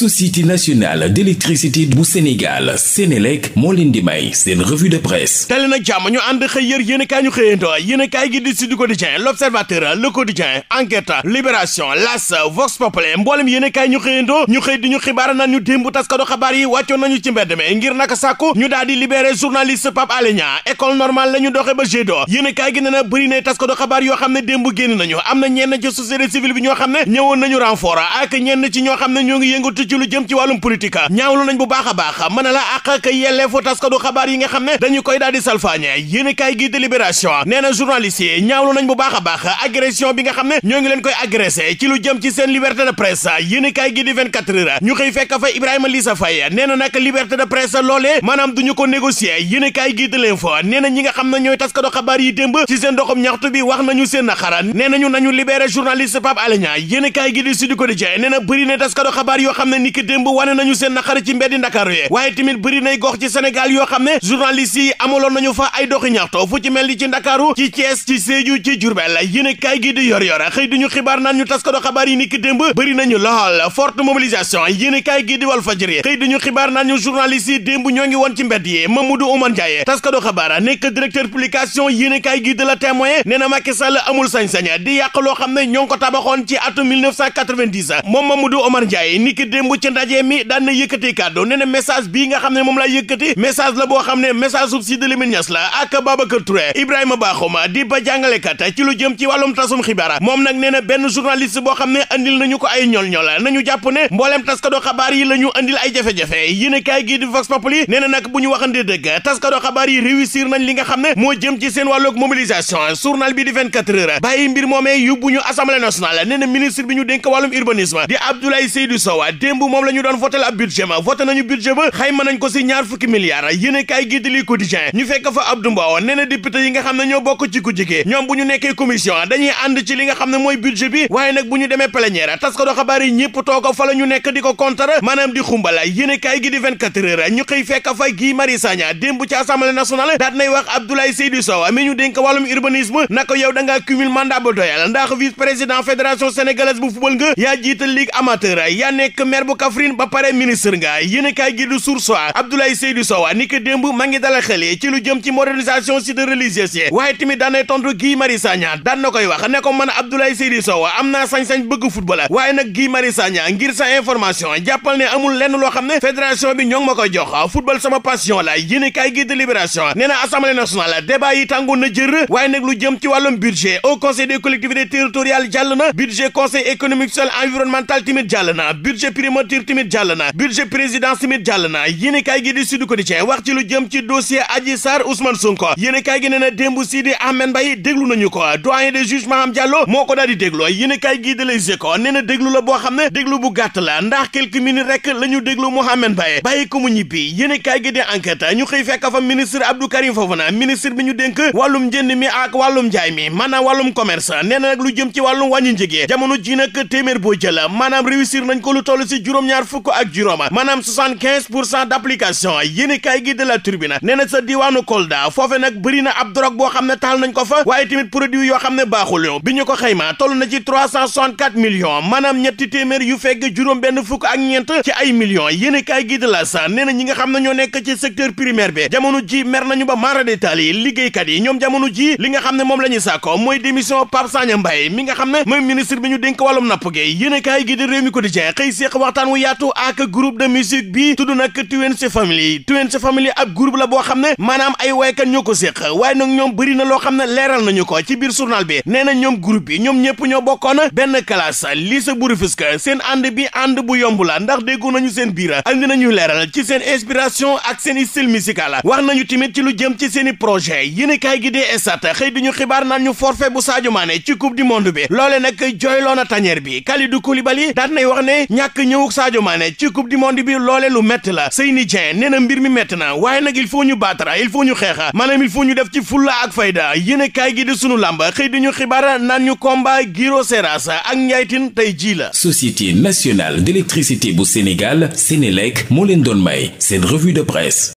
société nationale d'électricité bu Sénégal Sénélec moo leen di may seen revue de presse tali nag jàmm ñu ànd xëy yër yéen kaay ñu xëyanto yéen kaay gi di Sud Quotidien L'Observateur Le Quotidien Enquête Libération L'As Vox Populi mboolem yéen kaay ñu xëyanto ñu xëy di ñu xibaar naan ñu démb taskatu xabaar yi wàccoon nañu ci mbedd mi ngir naka sàkku ñu daal di libéré journaliste Pape Alé Niang école la ñu doxee ba jedo yéen kaay gi na bëri na ci lu jëm ci wàllum politique ñaawlu nañ bu baax a baax mën yi nga xam ne dañu koy daal di salfaañe yéenekaay gi délibération nee bi nga xam ne ñoo gi di 24 heures ñu xëy fekk fa Ibrahima Lissa Faye nee na nag liberté de presse loolee maanaam duñu ko négocier yéenekaay gi de l'info nee na ñi nga xam ne ñooy taskatu xabaar yi démb ci seen doxam ñaxtu bi wax nañu seen naqara nee nañu nañu libéré journaliste Pape Alé Niang yéenekaay gi di Sud Quotidien nee na bëri na taskatu xabaar yoo xam ne ni ki démb wane nañu seen naqar ci mbeddi ndakaaru yee waaye tamit bëri nay gox ci Sénégal yoo xam ne journalistes yi nañu fa ay doxi ñaxto fu ci mel ni ci ndakaaru ci Thiès ci Sédhiou ci Diourbel yéen kaay gi di yor yor xëy xibaar naan ñu taskado xabaar yi ni démb bëri nañu lool forte mobilisation yéen kaay gi di Walf Fadjri xëy duñu xibaar naan ñu démb ñoo ngi woon ci mbedd yi Mamadou Oumar Ndiaye taskado xabaar nekk directeur publication yéen kaay gi di démb ca ndaje mi daan na yëkkati kàddu nee na bii nga xam ne moom laa yëkkati message la boo xam ne message sub Sidy Lamine Niass la ak Babacar Touré Ibrahima Bakhouma di ba jàngalekat ci lu jëm ci wàllum tasum xibaar moom nag nee na benn journaliste boo xam ne andil nañu ko ay ñol-ñol nañu jàpp ne mbooleem taskado xabaar yi la ñu andil ay jafe-jafe yéen kaay gii di Vox Populi nee nag bu ñu waxante dëgg taskado xabaar yi réussir nañ li nga xam ne moo jëm ci seen wàllug mobilisation journal bi di 24 heures bàyyi mbir moomee yóbbu ñu démb moom la doon voté ab budget ma voté nañu budget ba xayma nañ ko si ñaar fukki milliards yéene kaay gii di li ñu fekk fa Abdou Mbow nee na député yi nga xam ne bokk ci ku jigee ñoom bu ñu nekkee commission dañuy ànd ci li nga xam ne mooy budget bi waaye nag bu ñu demee plénière tas ko do xabaar yi toog fa la ñu nekk di ko contre maanaam di xumbala yéene kaay gi di 24 heures ñu xëy fekk fa Guy Marius Sagna démb bu football maire bu Kaffrine ba pare ministre nga yéenekaay gi du Source A Abdoulaye Seydou ni ko démb ma ngi ci lu jëm ci modernisation site religieuse yi waaye tamit daanay tontu Guy Marius Sagna daan koy wax ne ko man Abdoulaye Seydou Sow am na sañ-sañ bëgg football waaye na Guy Marius Sagna ngir sa information jàppal ne amul lenn loo xam ne fédération bi ñoo ngi ma koy jox football sama passion la yéenekaay gi de Libération nee na Assemblée nationale débat yi tàngoon na jër waaye nag lu jëm ci wàllum budget au conseil des primature tamit jàll na budget présidence tamit jàll na gi di Sud Quotidien wax ci lu jëm ci dossier Adji Sarr Ousmane Sonko yéene kaay gi nee na démb Sidi Ahmed Mbaye déglu nañu ko doyen de juge Maham Diallo moo ko daal di déglu yéene gi de Les Échos nee na déglu la boo xam ne déglu bu gàtt la ndax quelques minutes rek la ñu déglu Mohamed Mbaye bàyyi ko ñibbi yéene kaay gi di enquête ñu xëy fekk fa ministre Abdou Karim Fofana ministre bi ñu dénk wàllum njënd mi ak mi maanaam wàllum commerce nee ci juróom-ñaar fukk ak juróoma maanaam 75 pour cent d' application yéen i kaay gi de la turbina nee na sa diwaanu Kolda foofe nag bëri na ab drogue boo xam ne taal nañ ko fa waaye tamit produit yoo xam ne baaxul bi ñu ko xayma toll na ci 364 millions maanaam ñetti téeméer yu fekk juróom benn fukk ak ñeent ci ay millions yéen i kaay gi de la sa nee ñi nga xam ne ñoo nekk ci secteur primaire bi jamono ji mer nañu ba mara détail yi liggéeykat yi ñoom jamono ji li nga xam ne moom la ñuy sàkko mooy démission Pape Sagna Mbaye nga xam ne mooy ministre bi ñu dénk wàllum napp gi waxtaan wu yaatu ak groupe de musique bi tudd nag Twenty Family Twenty Family ab groupe la boo xam ne maanaam ay waykat ñoo ko séq waaye nag ñoom bëri na loo xam ne leeral nañu ko ci biir journal bi nee na ñoom groupe bi ñoom ñëpp ñoo bokkoon benn classe lycée bu Rufisque seen ànd bi ànd bu yomb la ndax déggu ñu seen biir na nañu leeral ci seen inspiration ak seen style musical wax na tamit ci lu jëm ci seen i projet yéen kaay gi dee esat xëy di ñu xibaar naan ñu forfait bu Sadio Mané ci coupe du monde bi loole nag jooyloon na tanière bi Kalidou Koulibaly daan nay wax ne ñëwuk Sadio Mané ci coupe du monde bi lu métti la Seyni Dieng nee na mbir mi métti waaye nag il faut ñu baatara il faut ñu xeexa maanaam il ñu def ci fulla ak fayda yéen kaay gi di sunu làmb xëy di ñu xibaar naan ñu combat Giro Seras ak njaaytin tey jii la Société nationale d'électricité bu Sénégal Sénélec moo leen doon may seen revue de presse